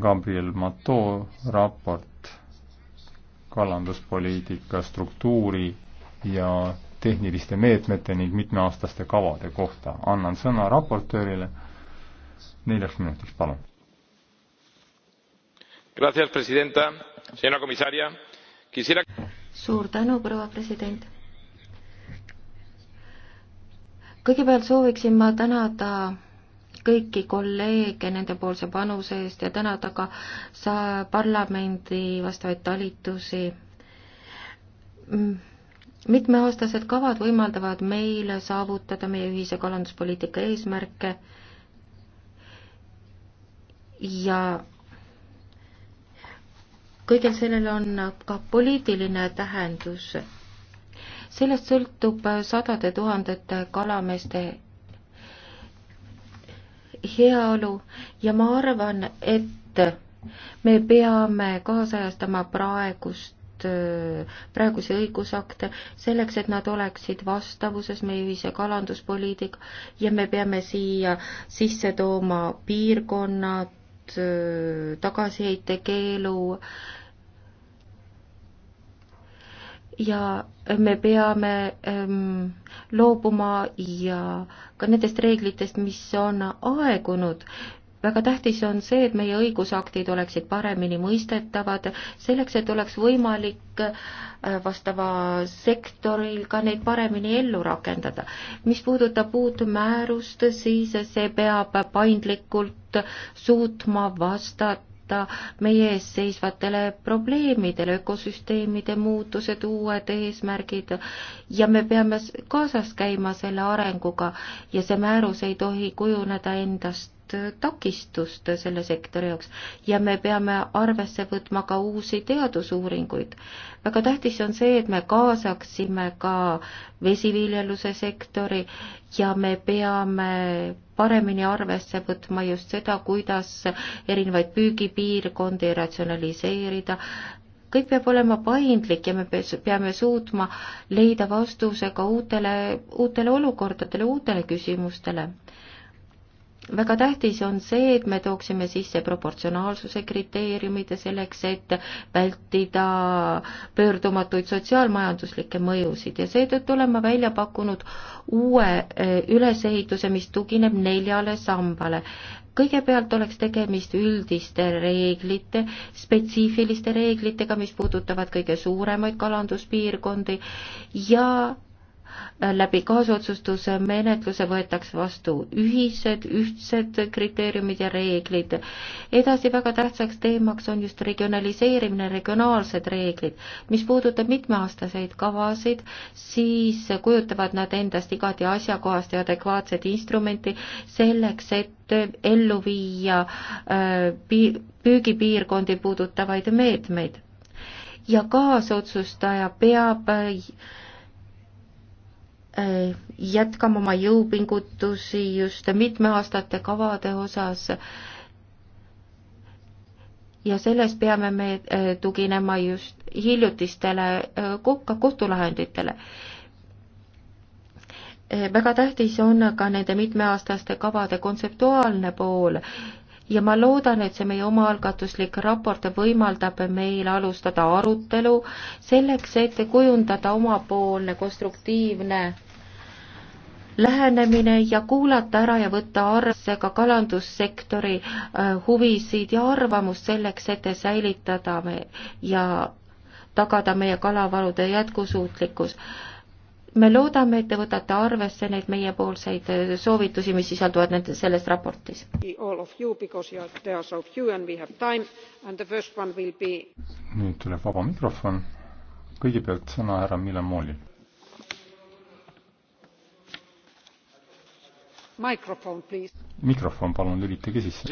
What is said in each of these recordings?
Gabriel Mato raport kalanduspoliitika struktuuri ja tehniliste meetmete ning mitmeaastaste kavade kohta. annan sõna raportöörile neljaks minutiks, palun. Quisiera... suur tänu, proua president. kõigepealt sooviksin ma tänada kõiki kolleege nendepoolse panuse eest ja tänada ka sa-, parlamendi vastavaid talitusi. Mm, mitmeaastased kavad võimaldavad meil saavutada meie ühise kalanduspoliitika eesmärke ja kõigel sellel on ka poliitiline tähendus. sellest sõltub sadade tuhandete kalameeste heaolu ja ma arvan, et me peame kaasajastama praegust praegusi õigusakte selleks, et nad oleksid vastavuses meie ühise kalanduspoliitika ja me peame siia sisse tooma piirkonnad, tagasiheitekeelu ja me peame ähm, loobuma ja ka nendest reeglitest, mis on aegunud. väga tähtis on see, et meie õigusaktid oleksid paremini mõistetavad, selleks et oleks võimalik eh, vastava sektoril ka neid paremini ellu rakendada. mis puudutab uut määrust, siis see peab paindlikult suutma vastata vastata meie ees seisvatele probleemidele, ökosüsteemide muutused, uued eesmärgid ja me peame kaasas käima selle arenguga ja see määrus ei tohi kujuneda endast suurt takistust selle sektori jaoks ja me peame arvesse võtma ka uusi teadusuuringuid. väga tähtis on see, et me kaasaksime ka vesiviljeluse sektori ja me peame paremini arvesse võtma just seda, kuidas erinevaid püügipiirkondi ratsionaliseerida, kõik peab olema paindlik ja me peame suutma leida vastuse ka uutele, uutele olukordadele, uutele küsimustele väga tähtis on see, et me tooksime sisse proportsionaalsuse kriteeriumid ja selleks, et vältida pöördumatuid sotsiaalmajanduslikke mõjusid ja seetõttu olen ma välja pakkunud uue eh, ülesehituse, mis tugineb neljale sambale kõigepealt oleks tegemist üldiste reeglite, spetsiifiliste reeglitega, mis puudutavad kõige suuremaid kalanduspiirkondi ja läbi kaasotsustuse menetluse võetakse vastu ühised, ühtsed kriteeriumid ja reeglid. edasi väga tähtsaks teemaks on just regionaliseerimine, regionaalsed reeglid. mis puudutab mitmeaastaseid kavasid, siis kujutavad nad endast igati asjakohast ja adekvaatset instrumenti selleks, et ellu viia äh, püügipiirkondi puudutavaid meetmeid. ja kaasotsustaja peab Äh, jätkama oma jõupingutusi just mitmeaastate kavade osas ja selles peame me äh, tuginema just hiljutistele äh, ka kohtulahenditele. väga tähtis on ka nende mitmeaastaste kavade kontseptuaalne pool ja ma loodan, et see meie omaalgatuslik raport võimaldab meil alustada arutelu selleks, et kujundada omapoolne konstruktiivne lähenemine ja kuulata ära ja võtta arvesse ka kalandussektori äh, huvisid ja arvamust selleks, et säilitada me ja tagada meie kalavarude jätkusuutlikkus. me loodame, et te võtate arvesse neid meiepoolseid äh, soovitusi, mis sisalduvad nende, selles raportis. nüüd tuleb vaba mikrofon. kõigepealt sõna härra Mille Moolil mikrofon, mikrofon palun lülitage sisse.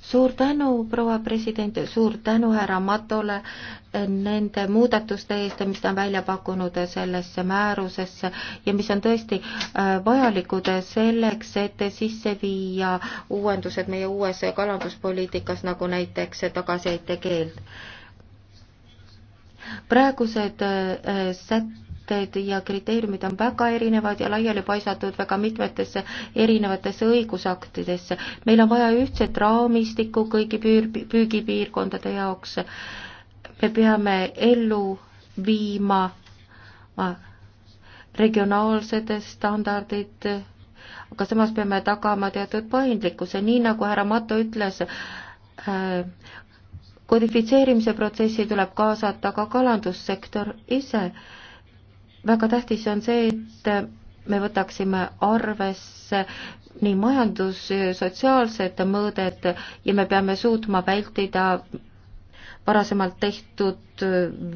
suur tänu, proua president, suur tänu härra Matole eh, nende muudatuste eest, mis ta on välja pakkunud sellesse määrusesse ja mis on tõesti eh, vajalikud selleks, et sisse viia uuendused meie uues kalanduspoliitikas, nagu näiteks tagasiheitekeeld. praegused eh, sätted sätted ja kriteeriumid on väga erinevad ja laiali paisatud väga mitmetesse erinevatesse õigusaktidesse. meil on vaja ühtset raamistikku kõigi püür, püügipiirkondade jaoks. me peame ellu viima regionaalsed standardid, aga samas peame tagama teatud paindlikkuse, nii nagu härra Mato ütles äh,, kodifitseerimise protsessi tuleb kaasata ka kalandussektor ise väga tähtis on see, et me võtaksime arvesse nii majandus, sotsiaalsed mõõded ja me peame suutma vältida varasemalt tehtud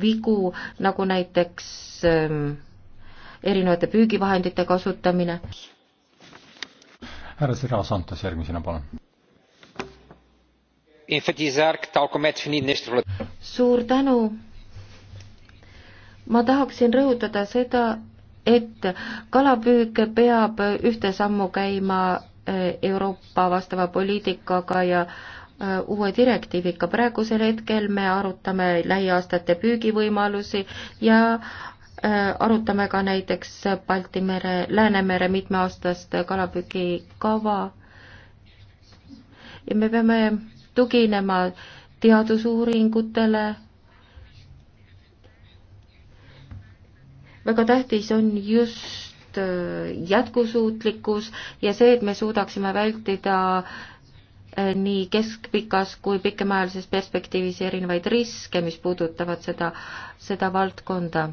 vigu, nagu näiteks ähm, erinevate püügivahendite kasutamine. härra Sira Santos järgmisena, palun. suur tänu ma tahaksin rõhutada seda, et kalapüük peab ühte sammu käima äh, Euroopa vastava poliitikaga ja äh, uue direktiiviga. praegusel hetkel me arutame lähiaastate püügivõimalusi ja äh, arutame ka näiteks Balti mere, Läänemere mitmeaastast kalapüügikava. ja me peame tuginema teadusuuringutele väga tähtis on just äh, jätkusuutlikkus ja see, et me suudaksime vältida äh, nii keskpikas kui pikemaajalises perspektiivis erinevaid riske, mis puudutavad seda, seda valdkonda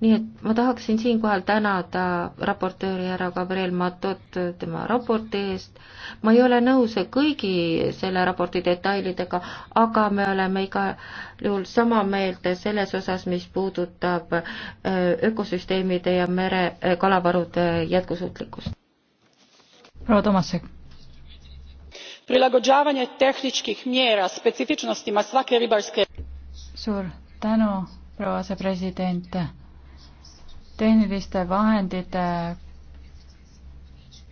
nii et ma tahaksin siinkohal tänada raportööri härra Gabriel Matot tema raporti eest. ma ei ole nõus kõigi selle raporti detailidega, aga me oleme igal juhul sama meelt selles osas, mis puudutab äh, ökosüsteemide ja mere äh, kalavarude jätkusuutlikkust. proua Tomasek prilagođavanje tehničkih mjera specifičnostima svake ribarske. suur tänu proua asepresident tehniliste vahendite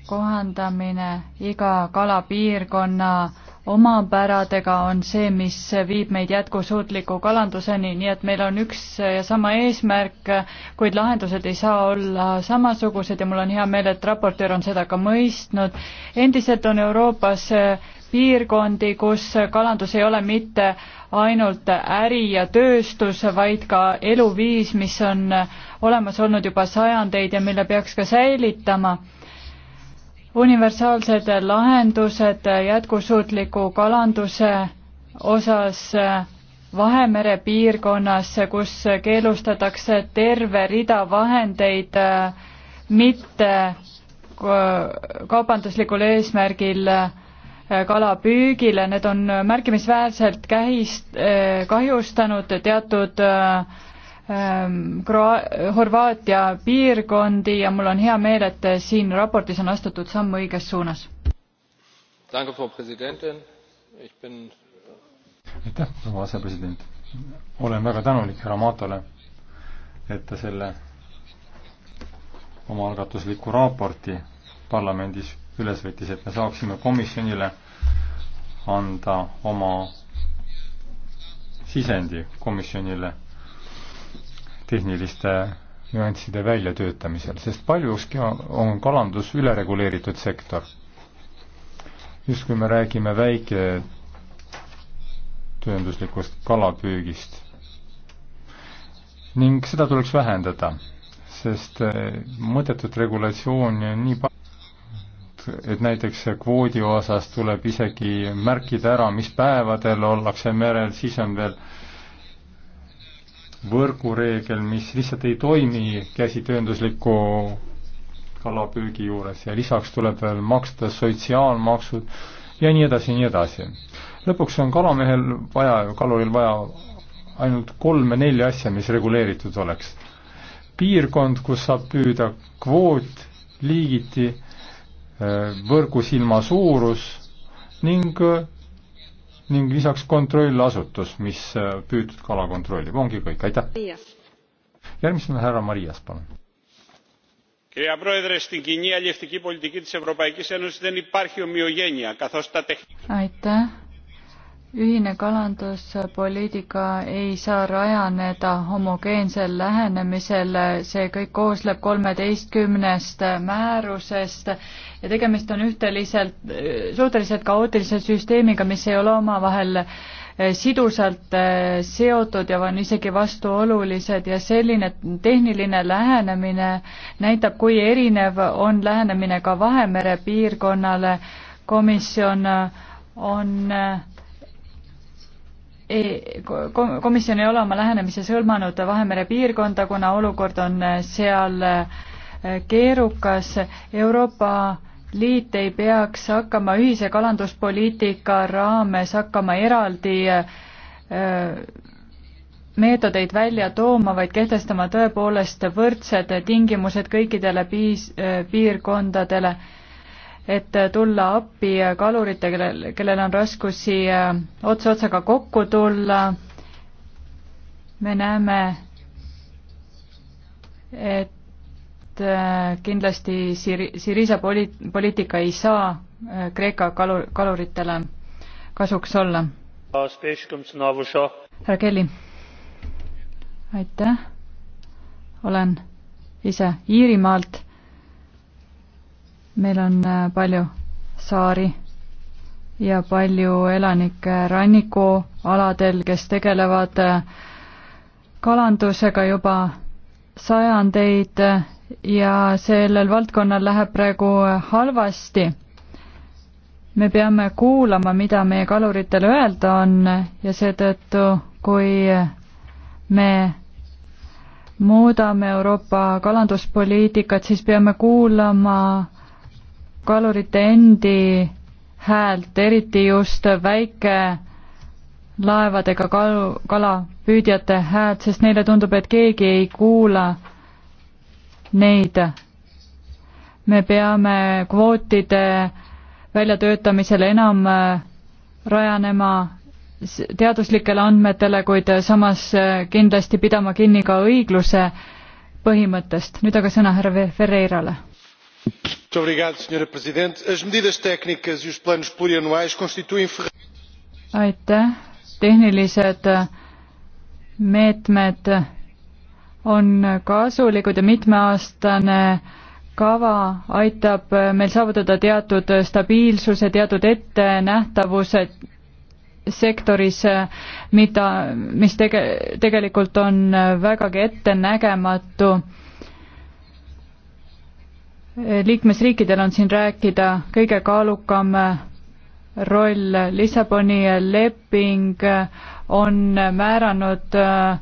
kohandamine iga kalapiirkonna omapäradega on see, mis viib meid jätkusuutliku kalanduseni, nii et meil on üks ja sama eesmärk, kuid lahendused ei saa olla samasugused ja mul on hea meel, et raportöör on seda ka mõistnud. endiselt on Euroopas piirkondi, kus kalandus ei ole mitte ainult äri ja tööstus, vaid ka eluviis, mis on olemas olnud juba sajandeid ja mille peaks ka säilitama. universaalsed lahendused jätkusuutliku kalanduse osas Vahemere piirkonnas, kus keelustatakse terve rida vahendeid mitte kaubanduslikul eesmärgil äh, kalapüügile, need on märkimisväärselt kähist-, eh, kahjustanud teatud eh, ehm, Kroa-, Horvaatia piirkondi ja mul on hea meel, et siin raportis on astutud samm õiges suunas. aitäh, proua asepresident. olen väga tänulik härra Matole, et ta selle omaalgatusliku raporti parlamendis üles võttis, et me saaksime komisjonile anda oma sisendi komisjonile tehniliste nüansside väljatöötamisel, sest paljuski on kalandus ülereguleeritud sektor. just kui me räägime väiketöönduslikust kalapüügist ning seda tuleks vähendada, sest eh, mõttetut regulatsiooni on nii palju, et näiteks kvoodi osas tuleb isegi märkida ära, mis päevadel ollakse merel, siis on veel võrgureegel, mis lihtsalt ei toimi käsitööndusliku kalapüügi juures ja lisaks tuleb veel maksta sotsiaalmaksud ja nii edasi ja nii edasi. lõpuks on kalamehel vaja, kaluril vaja ainult kolme-nelja asja, mis reguleeritud oleks. piirkond, kus saab püüda kvoot liigiti Äh, võrgusilma suurus ning, äh, ning lisaks kontrollasutus, mis äh, püütud kala kontrollib, ongi kõik, aitäh. järgmisena härra Marias, palun. aitäh, ühine kalanduspoliitika ei saa rajaneda homogeensel lähenemisel, see kõik koosneb kolmeteistkümnest määrusest ja tegemist on ühteliselt, suhteliselt kaootilise süsteemiga, mis ei ole omavahel eh, sidusalt eh, seotud ja on isegi vastuolulised ja selline tehniline lähenemine näitab, kui erinev on lähenemine ka Vahemere piirkonnale. komisjon eh, on äh, E, komisjon ei ole oma lähenemises hõlmanud Vahemere piirkonda, kuna olukord on e, seal e, keerukas. Euroopa Liit ei peaks hakkama ühise kalanduspoliitika raames hakkama eraldi meetodeid välja tooma, vaid kehtestama tõepoolest võrdsed tingimused kõikidele piis-, piirkondadele et tulla appi kalurite, kellel, kellel on raskusi äh, ots otsaga kokku tulla. me näeme, et äh, kindlasti Siri-, Siriisa poli-, poliitika ei saa äh, Kreeka kalu-, kaluritele kasuks olla. härra Kelly, aitäh, olen ise Iirimaalt meil on äh, palju saari ja palju elanikke rannikualadel, kes tegelevad äh, kalandusega juba sajandeid äh, ja sellel valdkonnal läheb praegu halvasti. me peame kuulama, mida meie kaluritel öelda on ja seetõttu, kui me muudame Euroopa kalanduspoliitikat, siis peame kuulama kalurite endi häält, eriti just väike laevadega kalu, kalapüüdjate häält, sest neile tundub, et keegi ei kuula neid. me peame kvootide väljatöötamisel enam äh, rajanema teaduslikele andmetele, kuid äh, samas äh, kindlasti pidama kinni ka õigluse põhimõttest. nüüd aga sõna härra Ferreirale senhora presidente as medidas técnicas e os planos plurianuais constituem aitäh tehnilised meetmed on kasulikud ja mitmeaastane kava aitab meil saavutada teatud stabiilsuse teatud ettenähtavuse sektoris, mida, mis tege-, tegelikult on vägagi ettenägematu liikmesriikidel on siin rääkida kõige kaalukam roll. Lissaboni leping on määranud äh,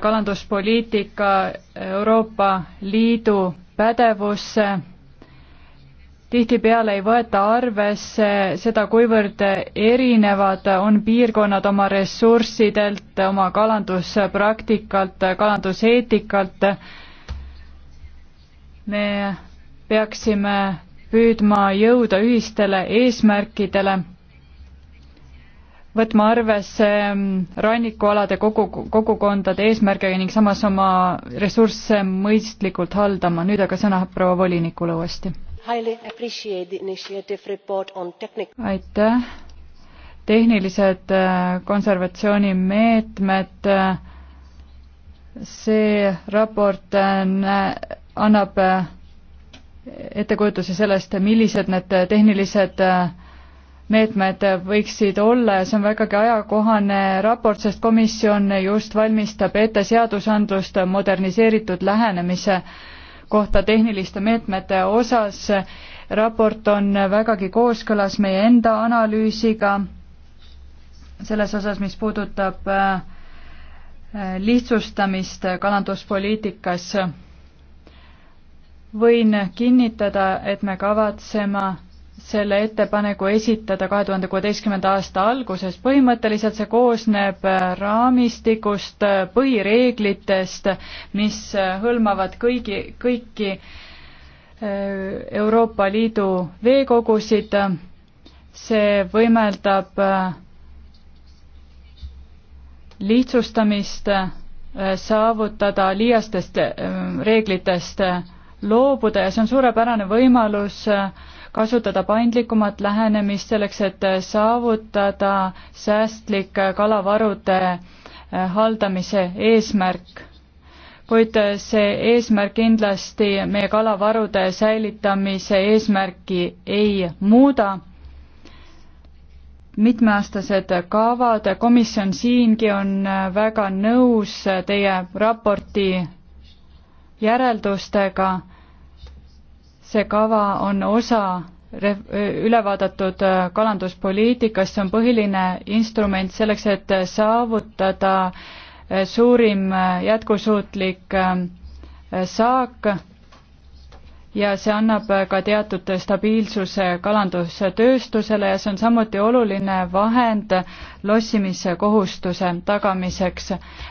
kalanduspoliitika Euroopa Liidu pädevusse. tihtipeale ei võeta arvesse seda, kuivõrd erinevad on piirkonnad oma ressurssidelt, oma kalanduspraktikalt, kalanduseetikalt. me peaksime püüdma jõuda ühistele eesmärkidele, võtma arvesse mm, rannikualade kogu, kogukondade eesmärke ning samas oma ressursse mõistlikult haldama. nüüd aga sõna proua volinikule uuesti. aitäh. tehnilised äh, konservatsioonimeetmed, äh, see raport äh, annab ettekujutusi sellest, millised need tehnilised äh, meetmed võiksid olla ja see on vägagi ajakohane raport, sest komisjon just valmistab ette seadusandlust moderniseeritud lähenemise kohta tehniliste meetmete osas. raport on vägagi kooskõlas meie enda analüüsiga selles osas, mis puudutab äh, lihtsustamist kalanduspoliitikas võin kinnitada, et me kavatsema selle ettepaneku esitada kahe tuhande kuueteistkümnenda aasta alguses. põhimõtteliselt see koosneb raamistikust, põhireeglitest, mis hõlmavad kõigi, kõiki äh, Euroopa Liidu veekogusid. see võimeldab äh, lihtsustamist äh, saavutada liiastest reeglitest loobuda ja see on suurepärane võimalus äh, kasutada paindlikumat lähenemist selleks, et äh, saavutada säästlik äh, kalavarude haldamise eesmärk. kuid see eesmärk kindlasti meie kalavarude säilitamise eesmärki ei muuda mitmeaastased kavad, komisjon siingi on väga nõus teie raporti järeldustega. see kava on osa ülevaadatud äh, kalanduspoliitikast, see on põhiline instrument selleks, et saavutada äh, suurim äh, jätkusuutlik saak ja see annab ka teatud stabiilsuse kalandustööstusele ja see on samuti oluline vahend lossimiskohustuse tagamiseks.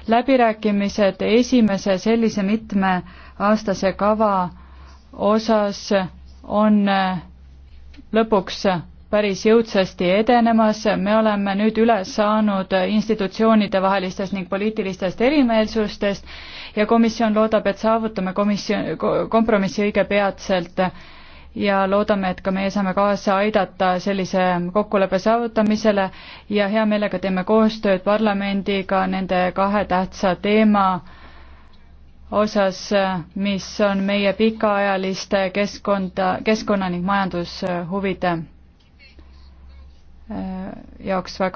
läbirääkimised esimese sellise mitmeaastase kava osas on lõpuks päris jõudsasti edenemas, me oleme nüüd üle saanud institutsioonide vahelistest ning poliitilistest erimeelsustest ja komisjon loodab, et saavutame komisjon, kompromissi õige peatselt ja loodame, et ka meie saame kaasa aidata sellise kokkuleppe saavutamisele ja hea meelega teeme koostööd parlamendiga nende kahe tähtsa teema osas, mis on meie pikaajaliste keskkonda, keskkonna ning majandushuvide jaoks väga